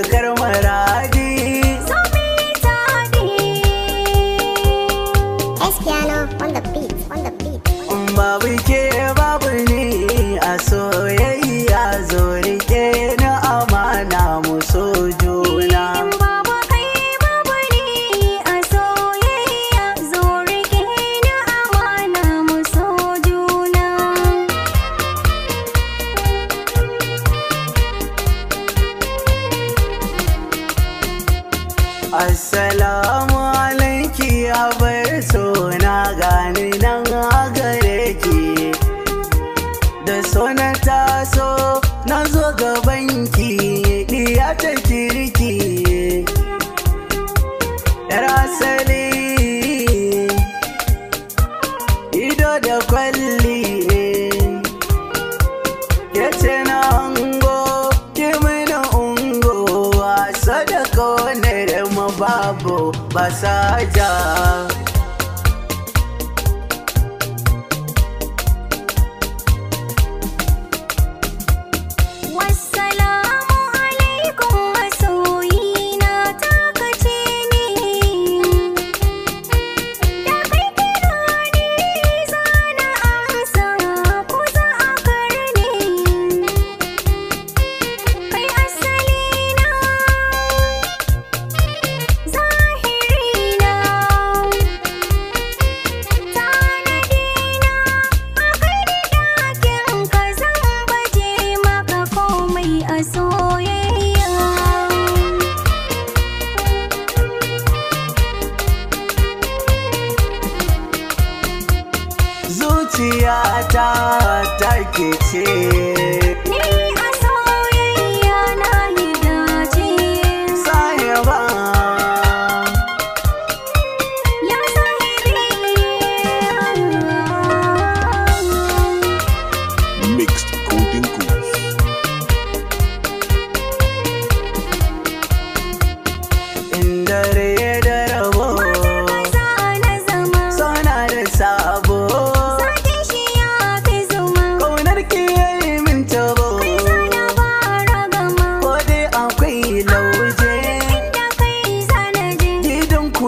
sugar assalamu alaiki bai so na gani nan a gare ki da sona ba xa cha zuciya ta take ce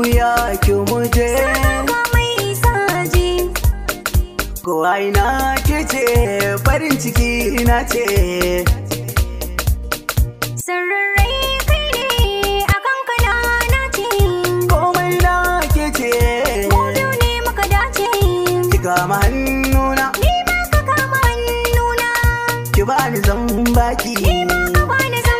wuya ki muje Ko aina ke ce farin ciki na ce Sarrarai kai ne a kankana na ce Komai na ke ce Mudu ne muka dace Ki kama hannuna Ni ma ka kama hannuna Ki bani zambaki. Ni ma ka bani zambaki.